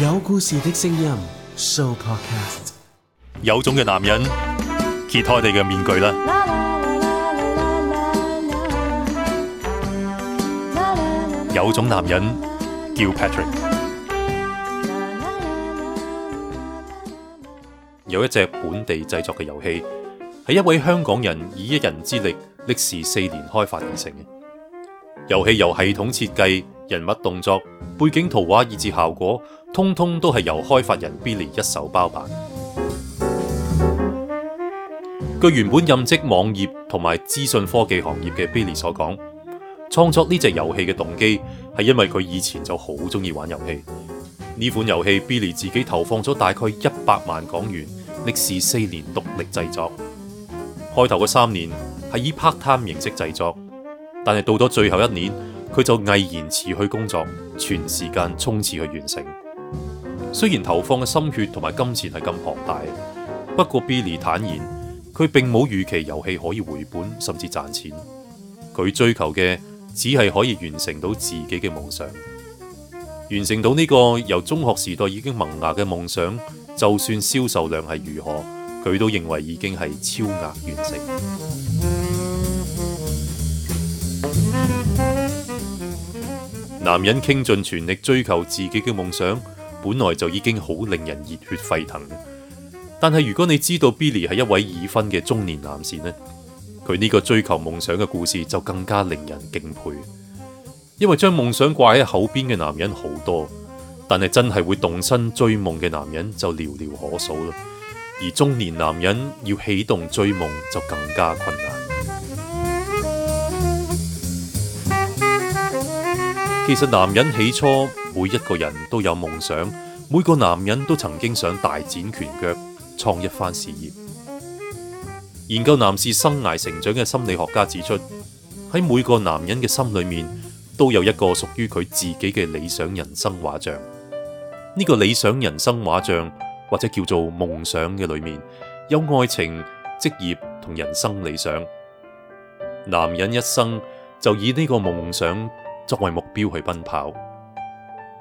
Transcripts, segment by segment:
有故事的聲音 Show podcast，有種嘅男人揭開你嘅面具啦！有種男人叫 Patrick。有一隻本地製作嘅遊戲，係一位香港人以一人之力歷時四年開發而成嘅。遊戲由系統設計。人物動作、背景圖畫以至效果，通通都係由開發人 Billy 一手包辦。據原本任職網頁同埋資訊科技行業嘅 Billy 所講，創作呢隻遊戲嘅動機係因為佢以前就好中意玩遊戲。呢款遊戲 Billy 自己投放咗大概一百萬港元，歷時四年獨立製作。開頭嘅三年係以 part-time 形式製作，但係到咗最後一年，佢就毅然辭去工作，全時間衝刺去完成。雖然投放嘅心血同埋金錢係咁龐大，不過 Billy 坦言，佢並冇預期遊戲可以回本甚至賺錢。佢追求嘅只係可以完成到自己嘅夢想。完成到呢個由中學時代已經萌芽嘅夢想，就算銷售量係如何，佢都認為已經係超額完成。男人傾盡全力追求自己嘅夢想，本來就已經好令人熱血沸騰。但係如果你知道 Billy 係一位已婚嘅中年男士呢，佢呢個追求夢想嘅故事就更加令人敬佩。因為將夢想掛喺口邊嘅男人好多，但係真係會動身追夢嘅男人就寥寥可數啦。而中年男人要啟動追夢就更加困難。其實男人起初每一個人都有夢想，每個男人都曾經想大展拳腳，創一番事業。研究男士生涯成長嘅心理學家指出，喺每個男人嘅心裏面，都有一個屬於佢自己嘅理想人生畫像。呢個理想人生畫像或者叫做夢想嘅裏面有愛情、職業同人生理想。男人一生就以呢個夢想，作為目標去奔跑。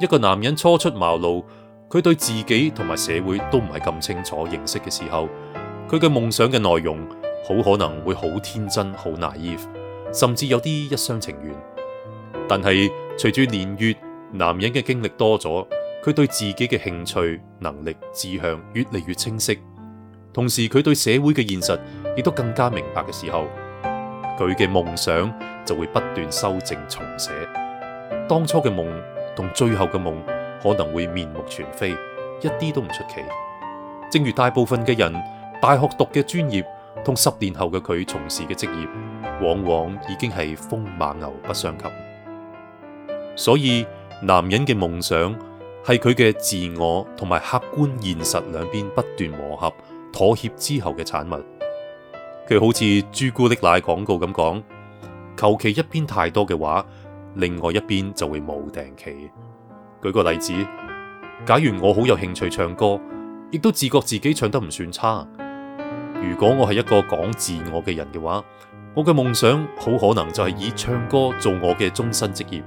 一個男人初出茅廬，佢對自己同埋社會都唔係咁清楚認識嘅時候，佢嘅夢想嘅內容好可能會好天真、好 naive，甚至有啲一,一廂情願。但係隨住年月，男人嘅經歷多咗，佢對自己嘅興趣、能力、志向越嚟越清晰，同時佢對社會嘅現實亦都更加明白嘅時候。佢嘅夢想就會不斷修正重寫，當初嘅夢同最後嘅夢可能會面目全非，一啲都唔出奇。正如大部分嘅人，大學讀嘅專業同十年後嘅佢從事嘅職業，往往已經係風馬牛不相及。所以，男人嘅夢想係佢嘅自我同埋客觀現實兩邊不斷磨合、妥協之後嘅產物。佢好似朱古力奶廣告咁講，求其一邊太多嘅話，另外一邊就會冇定期。舉個例子，假如我好有興趣唱歌，亦都自覺自己唱得唔算差。如果我係一個講自我嘅人嘅話，我嘅夢想好可能就係以唱歌做我嘅終身職業，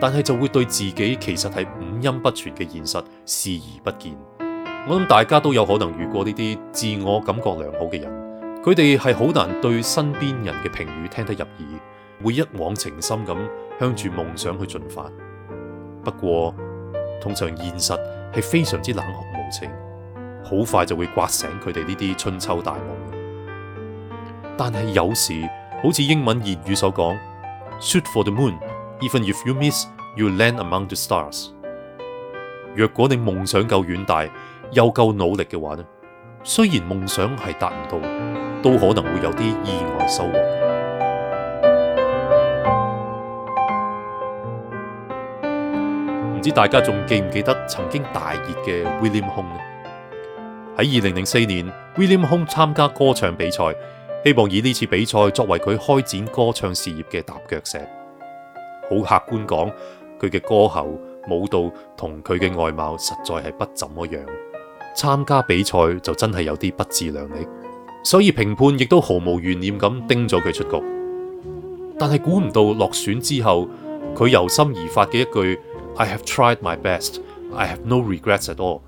但係就會對自己其實係五音不全嘅現實視而不見。我諗大家都有可能遇過呢啲自我感覺良好嘅人。佢哋係好難對身邊人嘅評語聽得入耳，會一往情深咁向住夢想去進發。不過通常現實係非常之冷酷無情，好快就會刮醒佢哋呢啲春秋大夢。但係有時好似英文諺語所講：Shoot for the moon，even if you miss，you land among the stars。若果你夢想夠遠大，又夠努力嘅話呢？雖然夢想係達唔到，都可能會有啲意外收穫。唔知大家仲記唔記得曾經大熱嘅 William Hung 呢？喺二零零四年，William Hung 參加歌唱比賽，希望以呢次比賽作為佢開展歌唱事業嘅踏腳石。好客觀講，佢嘅歌喉、舞蹈同佢嘅外貌實在係不怎麼樣。參加比賽就真係有啲不自量力，所以評判亦都毫無懸念咁叮咗佢出局。但係估唔到落選之後，佢由心而發嘅一句 “I have tried my best, I have no regrets at all”，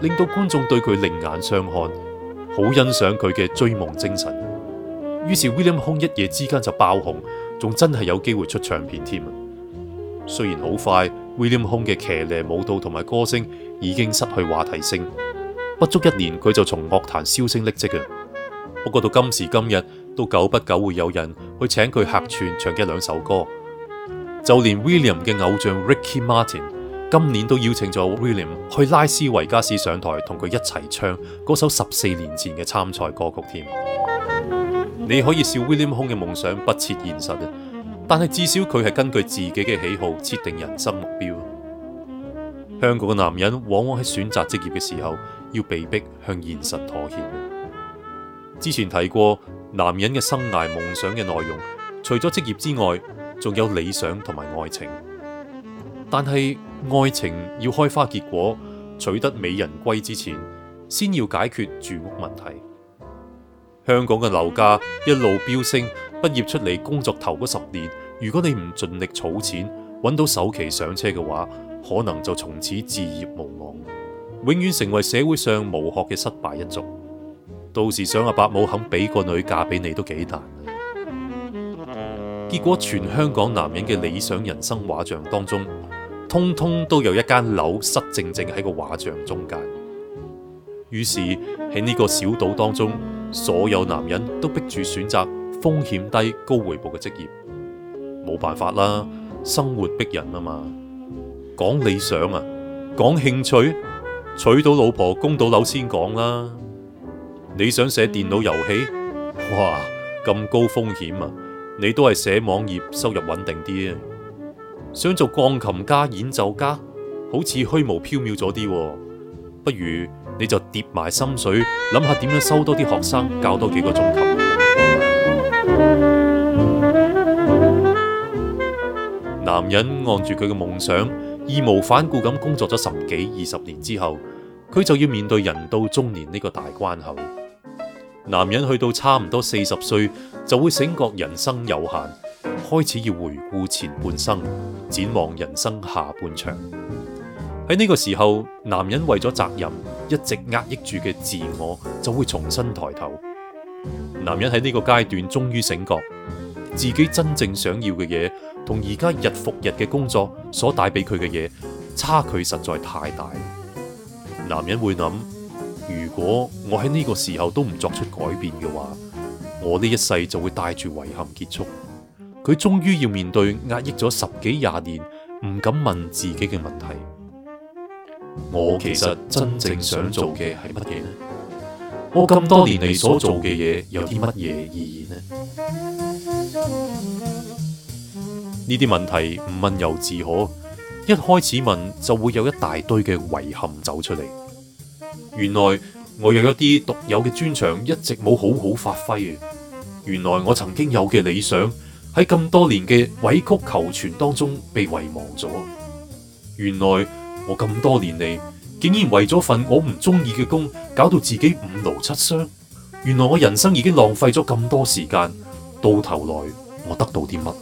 令到觀眾對佢另眼相看，好欣賞佢嘅追夢精神。於是 William Hung 一夜之間就爆紅，仲真係有機會出唱片添。雖然好快，William Hung 嘅騎呢舞蹈同埋歌聲已經失去話題性。不足一年，佢就從樂壇銷聲匿跡啊！不過到今時今日，都久不久會有人去請佢客串唱一兩首歌。就連 William 嘅偶像 Ricky Martin 今年都邀請咗 William 去拉斯維加斯上台同佢一齊唱嗰首十四年前嘅參賽歌曲添。你可以笑 William 空嘅夢想不切現實啊，但係至少佢係根據自己嘅喜好設定人生目標。香港嘅男人往往喺選擇職業嘅時候。要被迫向現實妥協。之前提過，男人嘅生涯夢想嘅內容，除咗職業之外，仲有理想同埋愛情。但係愛情要開花結果，取得美人歸之前，先要解決住屋問題。香港嘅樓價一路飆升，畢業出嚟工作頭嗰十年，如果你唔盡力儲錢，搵到首期上車嘅話，可能就從此置業無望。永遠成為社會上無學嘅失敗一族，到時想阿伯母肯俾個女嫁俾你都幾難。結果全香港男人嘅理想人生畫像當中，通通都有一間樓失正正喺個畫像中間。於是喺呢個小島當中，所有男人都逼住選擇風險低、高回報嘅職業。冇辦法啦，生活逼人啊嘛。講理想啊，講興趣。娶到老婆，供到樓先講啦。你想寫電腦遊戲？哇，咁高風險啊！你都係寫網頁，收入穩定啲啊。想做鋼琴家、演奏家，好似虛無縹緲咗啲。不如你就跌埋心水，諗下點樣收多啲學生，教多幾個鐘頭。男人按住佢嘅夢想，義無反顧咁工作咗十幾、二十年之後。佢就要面對人到中年呢個大關口。男人去到差唔多四十歲，就會醒覺人生有限，開始要回顧前半生，展望人生下半場。喺呢個時候，男人為咗責任一直壓抑住嘅自我，就會重新抬頭。男人喺呢個階段終於醒覺，自己真正想要嘅嘢，同而家日復日嘅工作所帶俾佢嘅嘢，差距實在太大。男人會諗：如果我喺呢個時候都唔作出改變嘅話，我呢一世就會帶住遺憾結束。佢終於要面對壓抑咗十幾廿年，唔敢問自己嘅問題。我其實真正想做嘅係乜嘢呢？我咁多年嚟所做嘅嘢有啲乜嘢意義呢？呢啲問題唔問由自可，一開始問就會有一大堆嘅遺憾走出嚟。原來我有一啲獨有嘅專長一直冇好好發揮。原來我曾經有嘅理想喺咁多年嘅委曲求全當中被遺忘咗。原來我咁多年嚟竟然為咗份我唔中意嘅工搞到自己五勞七傷。原來我人生已經浪費咗咁多時間，到頭來我得到啲乜？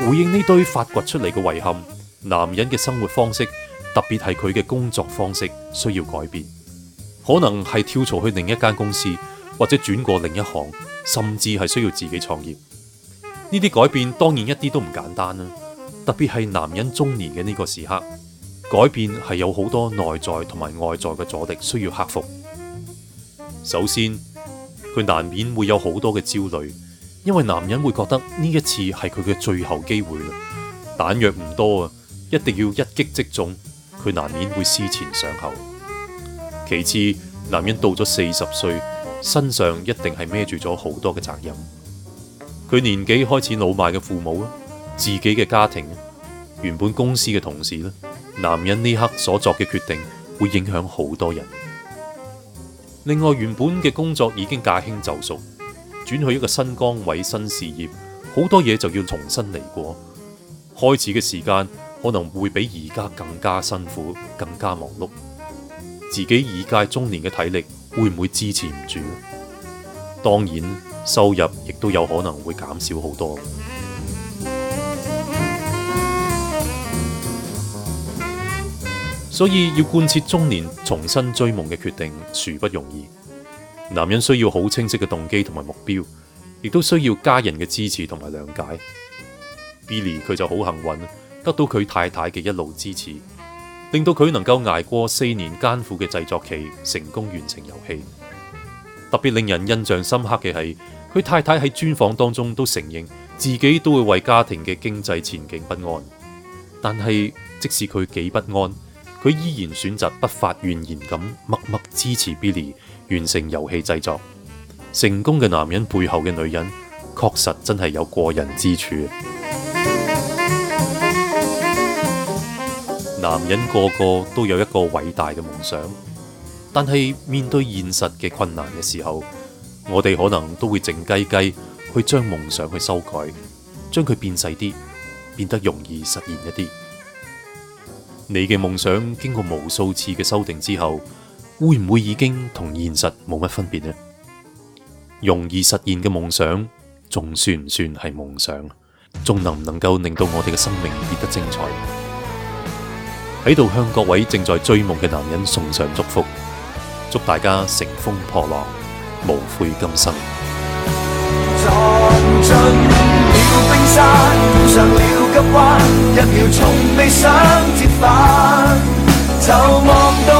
回應呢堆發掘出嚟嘅遺憾，男人嘅生活方式，特別係佢嘅工作方式，需要改變。可能係跳槽去另一間公司，或者轉過另一行，甚至係需要自己創業。呢啲改變當然一啲都唔簡單啦，特別係男人中年嘅呢個時刻，改變係有好多內在同埋外在嘅阻力需要克服。首先。佢難免會有好多嘅焦慮，因為男人會覺得呢一次係佢嘅最後機會啦，彈藥唔多啊，一定要一擊即中。佢難免會思前想後。其次，男人到咗四十歲，身上一定係孭住咗好多嘅責任。佢年紀開始老邁嘅父母、自己嘅家庭、原本公司嘅同事，男人呢刻所作嘅決定會影響好多人。另外，原本嘅工作已經駕輕就熟，轉去一個新崗位、新事業，好多嘢就要重新嚟過。開始嘅時間可能會比而家更加辛苦、更加忙碌。自己已屆中年嘅體力會唔會支持唔住？當然，收入亦都有可能會減少好多。所以要貫徹中年重新追夢嘅決定，殊不容易。男人需要好清晰嘅動機同埋目標，亦都需要家人嘅支持同埋諒解。Billy 佢就好幸運，得到佢太太嘅一路支持，令到佢能夠挨過四年艱苦嘅製作期，成功完成遊戲。特別令人印象深刻嘅係，佢太太喺專訪當中都承認自己都會為家庭嘅經濟前景不安，但係即使佢幾不安。佢依然選擇不發怨言咁默默支持 Billy 完成遊戲製作。成功嘅男人背後嘅女人，確實真係有過人之處。男人個個都有一個偉大嘅夢想，但係面對現實嘅困難嘅時候，我哋可能都會靜雞雞去將夢想去修改，將佢變細啲，變得容易實現一啲。你嘅夢想經過無數次嘅修訂之後，會唔會已經同現實冇乜分別呢？容易實現嘅夢想，仲算唔算係夢想？仲能唔能夠令到我哋嘅生命變得精彩？喺度，向各位正在追夢嘅男人送上祝福，祝大家乘風破浪，無悔今生。乘乘就望到。